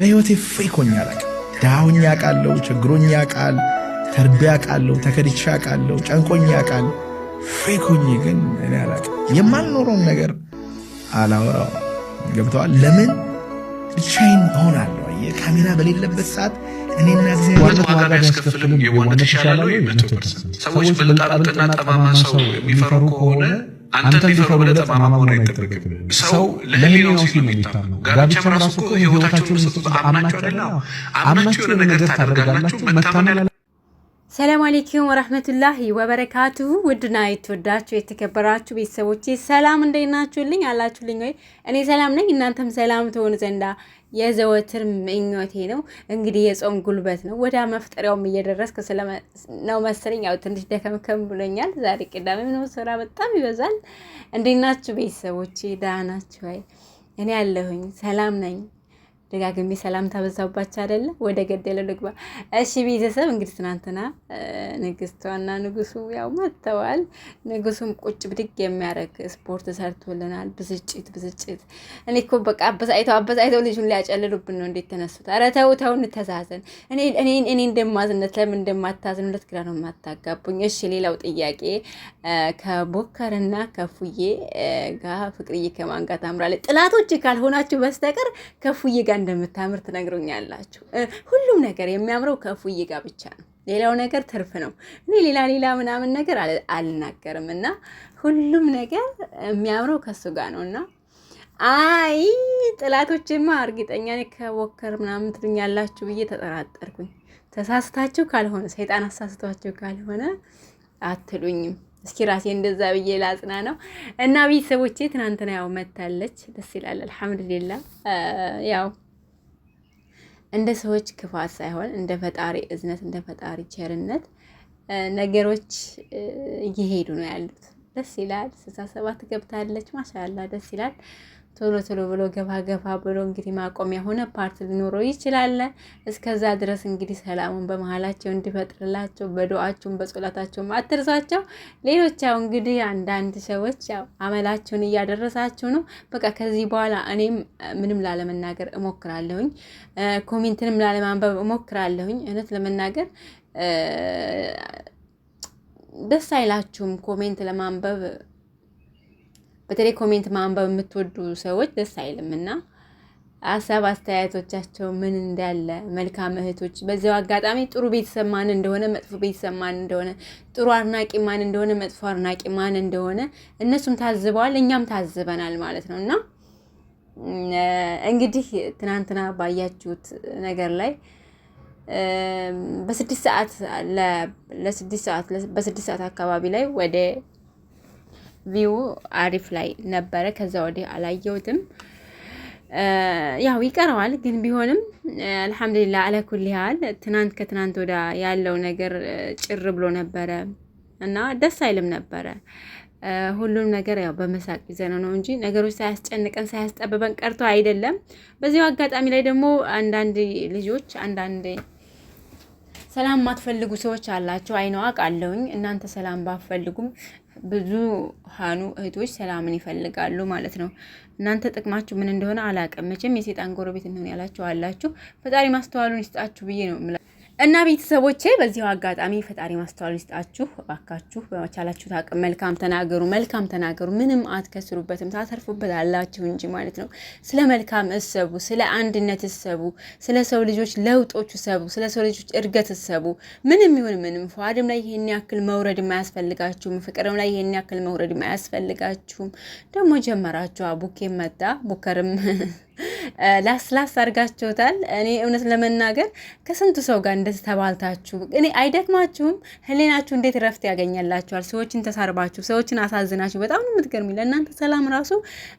በሕይወቴ ፌኮኛ ላቅ ዳሁኛ ቃለው ችግሮኛ ቃል ተርቢያ ቃለው ተከድቻ ቃለው ጨንቆኛ ቃል ፌኮኝ ግን እኔ አላቅ የማልኖረውን ነገር አላወራው ገብተዋል። ለምን ብቻዬን እሆናለሁ? ካሜራ በሌለበት ሰዓት እኔና እግዚአብሔር ዋጋ ቢያስከፍልም የሆነ ተሻለ ሰዎች በልጣ ጠማማ ሰው የሚፈሩ ከሆነ አንተ እንዲፈሩ ብለህ ተማማም አይጠበቅም። ሰው ለሌላው ሲል ነው የሚታመነው። ጋብቻም ራሱ እኮ ህይወታቸውን ሰጡት። አምናችሁ አይደለ? አምናችሁ የሆነ ነገር ታደርጋላችሁ። መታመን ያለ ሰላም አሌይኩም ወረህመቱላሂ ወበረካቱሁ። ውድና የተወዳችሁ የተከበራችሁ ቤተሰቦቼ ሰላም እንዴት ናችሁልኝ? አላችሁልኝ ወይ? እኔ ሰላም ነኝ፣ እናንተም ሰላም ትሆኑ ዘንዳ የዘወትር ምኞቴ ነው። እንግዲህ የጾም ጉልበት ነው። ወደ መፍጠሪያውም እየደረስክ ነው መሰለኝ። ያው ትንሽ ደከምከም ብሎኛል። ዛሬ ቅዳሜ ነው፣ ስራ በጣም ይበዛል። እንዴት ናችሁ ቤተሰቦቼ? ደህና ናችሁ ወይ? እኔ ያለሁኝ ሰላም ነኝ። ደጋግሜ ሰላም ታበዛባቸው አይደለ? ወደ ገደለው ልግባ። እሺ ቤተሰብ እንግዲህ ትናንትና ንግስቷና ንጉሱ ያው መጥተዋል። ንጉሱም ቁጭ ብድግ የሚያደርግ ስፖርት ሰርቶልናል። ብስጭት ብስጭት። እኔ እኮ በቃ አበሳይተው አበሳይተው ልጁን ሊያጨልሉብን ነው። እንዴት ተነሱት? ኧረ ተው ተው፣ እንተዛዘን። እኔ እንደማዝነት ለምን እንደማታዝን ሁለት ግራ ነው የማታጋቡኝ። እሺ ሌላው ጥያቄ ከቦከርና ከፉዬ ጋር ፍቅርዬ ከማን ጋር ታምራለች? ጥላቶች ካልሆናችሁ በስተቀር ከፉዬ ጋር እንደምታምር ትነግሩኛላችሁ። ሁሉም ነገር የሚያምረው ከፉዬ ጋር ብቻ ነው። ሌላው ነገር ትርፍ ነው። እኔ ሌላ ሌላ ምናምን ነገር አልናገርም እና ሁሉም ነገር የሚያምረው ከሱ ጋር ነው እና አይ ጥላቶችማ እርግጠኛ ነኝ ከቦከር ምናምን ትሉኛላችሁ ብዬ ተጠራጠርኩኝ። ተሳስታችሁ ካልሆነ ሰይጣን አሳስቷችሁ ካልሆነ አትሉኝም። እስኪ ራሴ እንደዛ ብዬ ላጽና ነው እና ቤተሰቦቼ ትናንትና ያው መታለች። ደስ ይላል። አልሐምዱሊላ ያው እንደ ሰዎች ክፋት ሳይሆን እንደ ፈጣሪ እዝነት፣ እንደ ፈጣሪ ቸርነት ነገሮች እየሄዱ ነው ያሉት። ደስ ይላል። ስልሳ ሰባት ገብታለች። ማሻላ ደስ ይላል። ቶሎ ቶሎ ብሎ ገፋ ገፋ ብሎ እንግዲህ ማቆሚያ ሆነ ፓርት ሊኖረው ይችላል። እስከዛ ድረስ እንግዲህ ሰላሙን በመሀላቸው እንዲፈጥርላቸው በዱዓችሁም በጸሎታችሁም አትርሳቸው። ሌሎች ያው እንግዲህ አንዳንድ ሰዎች ያው አመላችሁን እያደረሳችሁ ነው። በቃ ከዚህ በኋላ እኔም ምንም ላለመናገር እሞክራለሁኝ፣ ኮሜንትንም ላለማንበብ እሞክራለሁኝ። እውነት ለመናገር ደስ አይላችሁም ኮሜንት ለማንበብ በተለይ ኮሜንት ማንበብ የምትወዱ ሰዎች ደስ አይልም እና ሀሳብ አስተያየቶቻቸው ምን እንዳለ መልካም እህቶች፣ በዚያው አጋጣሚ ጥሩ ቤተሰብ ማን እንደሆነ መጥፎ ቤተሰብ ማን እንደሆነ፣ ጥሩ አድናቂ ማን እንደሆነ መጥፎ አድናቂ ማን እንደሆነ እነሱም ታዝበዋል፣ እኛም ታዝበናል ማለት ነው እና እንግዲህ ትናንትና ባያችሁት ነገር ላይ በስድስት ሰዓት በስድስት ሰዓት አካባቢ ላይ ወደ ቪው አሪፍ ላይ ነበረ። ከዛ ወዲህ አላየውትም። ያው ይቀረዋል፣ ግን ቢሆንም አልሐምዱሊላህ አለኩል ያህል ትናንት ከትናንት ወዳ ያለው ነገር ጭር ብሎ ነበረ እና ደስ አይልም ነበረ። ሁሉም ነገር ያው በመሳቅ ይዘነው ነው እንጂ ነገሮች ሳያስጨንቀን ሳያስጠብበን ቀርቶ አይደለም። በዚያው አጋጣሚ ላይ ደግሞ አንዳንድ ልጆች አንዳንድ ሰላም ማትፈልጉ ሰዎች አላቸው። አይነው አውቃለሁኝ። እናንተ ሰላም ባፈልጉም ብዙ ሀኑ እህቶች ሰላምን ይፈልጋሉ ማለት ነው። እናንተ ጥቅማችሁ ምን እንደሆነ አላውቅም። መቼም የሴጣን ጎረቤት እንሆን ያላችሁ አላችሁ። ፈጣሪ ማስተዋሉን ይስጣችሁ ብዬ ነው። እና ቤተሰቦቼ በዚሁ አጋጣሚ ፈጣሪ ማስተዋል ይስጣችሁ። እባካችሁ በቻላችሁ አቅም መልካም ተናገሩ፣ መልካም ተናገሩ። ምንም አትከስሩበትም፣ ታተርፉበት አላችሁ እንጂ ማለት ነው። ስለ መልካም እሰቡ፣ ስለ አንድነት እሰቡ፣ ስለ ሰው ልጆች ለውጦች እሰቡ፣ ስለ ሰው ልጆች እድገት እሰቡ። ምንም ይሁን ምንም ፈዋድም ላይ ይህን ያክል መውረድ አያስፈልጋችሁም፣ ፍቅርም ላይ ይህን ያክል መውረድ አያስፈልጋችሁም። ደግሞ ጀመራችሁ። ቡኬም መጣ ቡከርም ላስላስ አድርጋችሁታል። እኔ እውነት ለመናገር ከስንቱ ሰው ጋር እንደዚህ ተባልታችሁ እኔ አይደክማችሁም? ህሌናችሁ እንዴት ረፍት ያገኛላችኋል? ሰዎችን ተሳርባችሁ፣ ሰዎችን አሳዝናችሁ፣ በጣም ነው የምትገርሚ። ለእናንተ ሰላም ራሱ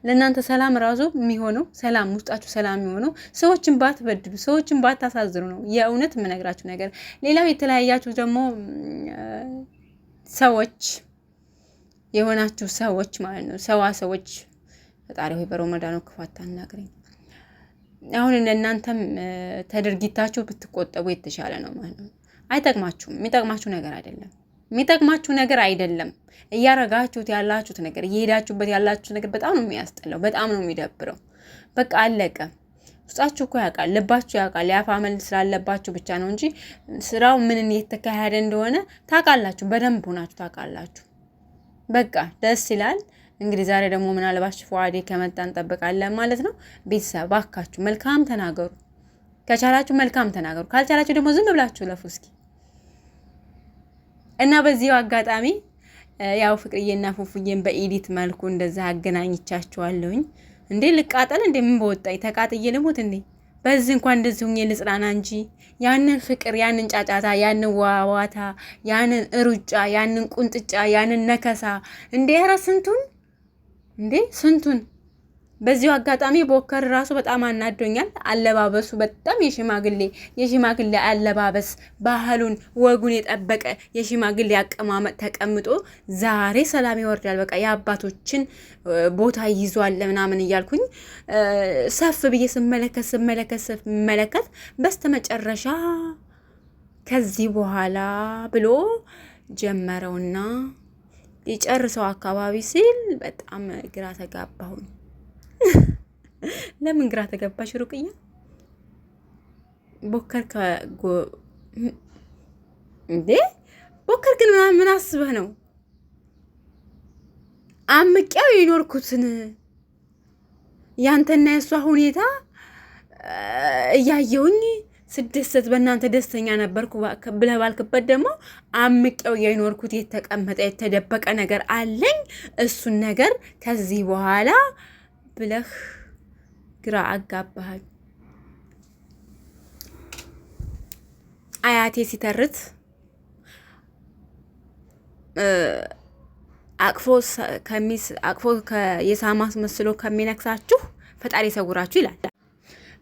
ለእናንተ ሰላም ራሱ የሚሆነው ሰላም ውስጣችሁ ሰላም የሚሆነው ሰዎችን ባትበድሉ፣ ሰዎችን ባታሳዝኑ ነው። የእውነት የምነግራችሁ ነገር ሌላው የተለያያችሁ ደግሞ ሰዎች የሆናችሁ ሰዎች ማለት ነው። ሰዋ ሰዎች ፈጣሪ ሆይ ክፋት አናግረኝ። አሁን እናንተም ተድርጊታችሁ ብትቆጠቡ የተሻለ ነው ማለት ነው። አይጠቅማችሁም። የሚጠቅማችሁ ነገር አይደለም። የሚጠቅማችሁ ነገር አይደለም። እያረጋችሁት ያላችሁት ነገር እየሄዳችሁበት ያላችሁት ነገር በጣም ነው የሚያስጠላው። በጣም ነው የሚደብረው። በቃ አለቀ። ውስጣችሁ እኮ ያውቃል፣ ልባችሁ ያውቃል። ያፋመል ስላለባችሁ ብቻ ነው እንጂ ስራው ምን እየተካሄደ እንደሆነ ታውቃላችሁ። በደንብ ሆናችሁ ታውቃላችሁ። በቃ ደስ ይላል። እንግዲህ ዛሬ ደግሞ ምናልባች ፉአዴ ከመጣ እንጠብቃለን ማለት ነው። ቤተሰብ ባካችሁ መልካም ተናገሩ፣ ከቻላችሁ መልካም ተናገሩ፣ ካልቻላችሁ ደግሞ ዝም ብላችሁ ለፉ እስኪ እና በዚሁ አጋጣሚ ያው ፍቅርዬና ፉፉዬን በኢዲት መልኩ እንደዛ አገናኝቻችኋለሁኝ። እንዴ ልቃጠል እንዴ ምን በወጣኝ ተቃጥዬ ልሙት እንዴ? በዚህ እንኳን እንደዚህ ሁኜ ልጽናና እንጂ ያንን ፍቅር፣ ያንን ጫጫታ፣ ያንን ዋዋታ፣ ያንን ሩጫ፣ ያንን ቁንጥጫ፣ ያንን ነከሳ እንዴ ኧረ ስንቱን እንዴ ስንቱን በዚሁ አጋጣሚ ቦከር ራሱ በጣም አናዶኛል። አለባበሱ በጣም የሽማግሌ የሽማግሌ አለባበስ ባህሉን ወጉን የጠበቀ የሽማግሌ አቀማመጥ ተቀምጦ ዛሬ ሰላም ይወርዳል፣ በቃ የአባቶችን ቦታ ይዟል ምናምን እያልኩኝ ሰፍ ብዬ ስመለከት ስመለከት ስመለከት በስተመጨረሻ ከዚህ በኋላ ብሎ ጀመረውና የጨርሰው አካባቢ ሲል በጣም ግራ ተጋባሁኝ። ለምን ግራ ተገባሽ ሩቅያ? ቦከር እንዴ ቦከር ግን ምን አስበህ ነው አምቄው የኖርኩትን ያንተና የእሷ ሁኔታ እያየውኝ ስደሰት በእናንተ ደስተኛ ነበርኩ ብለህ ባልክበት ደግሞ አምቄው የኖርኩት የተቀመጠ የተደበቀ ነገር አለኝ። እሱን ነገር ከዚህ በኋላ ብለህ ግራ አጋባሃል። አያቴ ሲተርት አቅፎ ከሚስ አቅፎ የሳማስ መስሎ ከሚነክሳችሁ ፈጣሪ ይሰውራችሁ ይላል።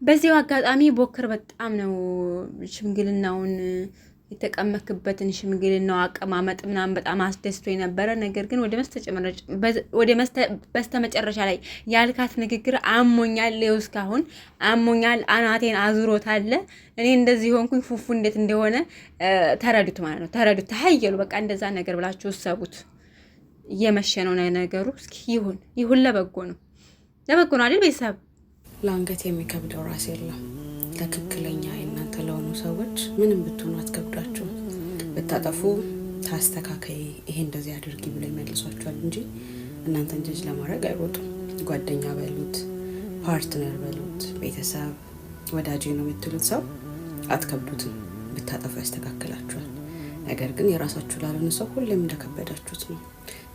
በዚሁ አጋጣሚ ቦክር በጣም ነው ሽምግልናውን የተቀመክበትን ሽምግልናው አቀማመጥ ምናምን በጣም አስደስቶ የነበረ ነገር ግን ወደ በስተ መጨረሻ ላይ ያልካት ንግግር አሞኛል፣ ይኸው እስካሁን አሞኛል፣ አናቴን አዙሮታል። እኔ እንደዚህ ሆንኩኝ ፉፉ እንዴት እንደሆነ ተረዱት ማለት ነው። ተረዱት፣ ተሀየሉ በቃ እንደዛ ነገር ብላችሁ እሰቡት። እየመሸ ነው ነገሩ። እስኪ ይሁን ይሁን፣ ለበጎ ነው፣ ለበጎ ነው አይደል ቤተሰብ ለአንገት የሚከብደው ራስ የለም። ትክክለኛ የእናንተ ለሆኑ ሰዎች ምንም ብትሆኑ አትከብዳችሁ። ብታጠፉ ታስተካከይ፣ ይሄ እንደዚህ አድርጊ ብሎ ይመልሷችኋል እንጂ እናንተን ጀጅ ለማድረግ አይሮጡም። ጓደኛ በሉት፣ ፓርትነር በሉት፣ ቤተሰብ ወዳጅ ነው የምትሉት ሰው አትከብዱትም። ብታጠፉ ያስተካክላችኋል። ነገር ግን የራሳችሁ ላልሆነ ሰው ሁሌም እንደከበዳችሁት ነው።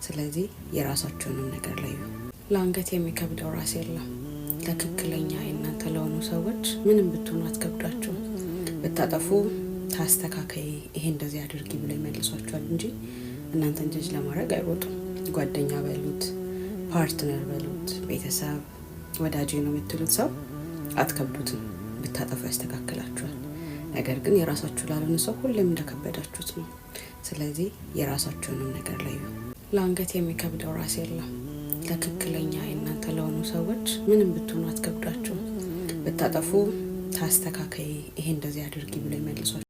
ስለዚህ የራሳችሁንም ነገር ለዩ። ለአንገት የሚከብደው ራስ የለም። ትክክለኛ የእናንተ ለሆኑ ሰዎች ምንም ብትሆኑ አትከብዳችሁ። ብታጠፉ ታስተካከይ፣ ይሄ እንደዚህ አድርጊ ብለው ይመልሷችኋል እንጂ እናንተን ጀጅ ለማድረግ አይሮጡም። ጓደኛ በሉት፣ ፓርትነር በሉት፣ ቤተሰብ ወዳጅ ነው የምትሉት ሰው አትከብዱትም። ብታጠፉ ያስተካክላችኋል። ነገር ግን የራሳችሁ ላልሆነ ሰው ሁሌም እንደከበዳችሁት ነው። ስለዚህ የራሳችሁንም ነገር ለዩ። ለአንገት የሚከብደው ራስ የለም። ትክክለኛ የእናንተ ለሆኑ ሰዎች ምንም ብትሆኑ አትከብዳቸውም። ብታጠፉ ታስተካከይ፣ ይሄ እንደዚህ አድርጊ ብሎ ይመልሷል።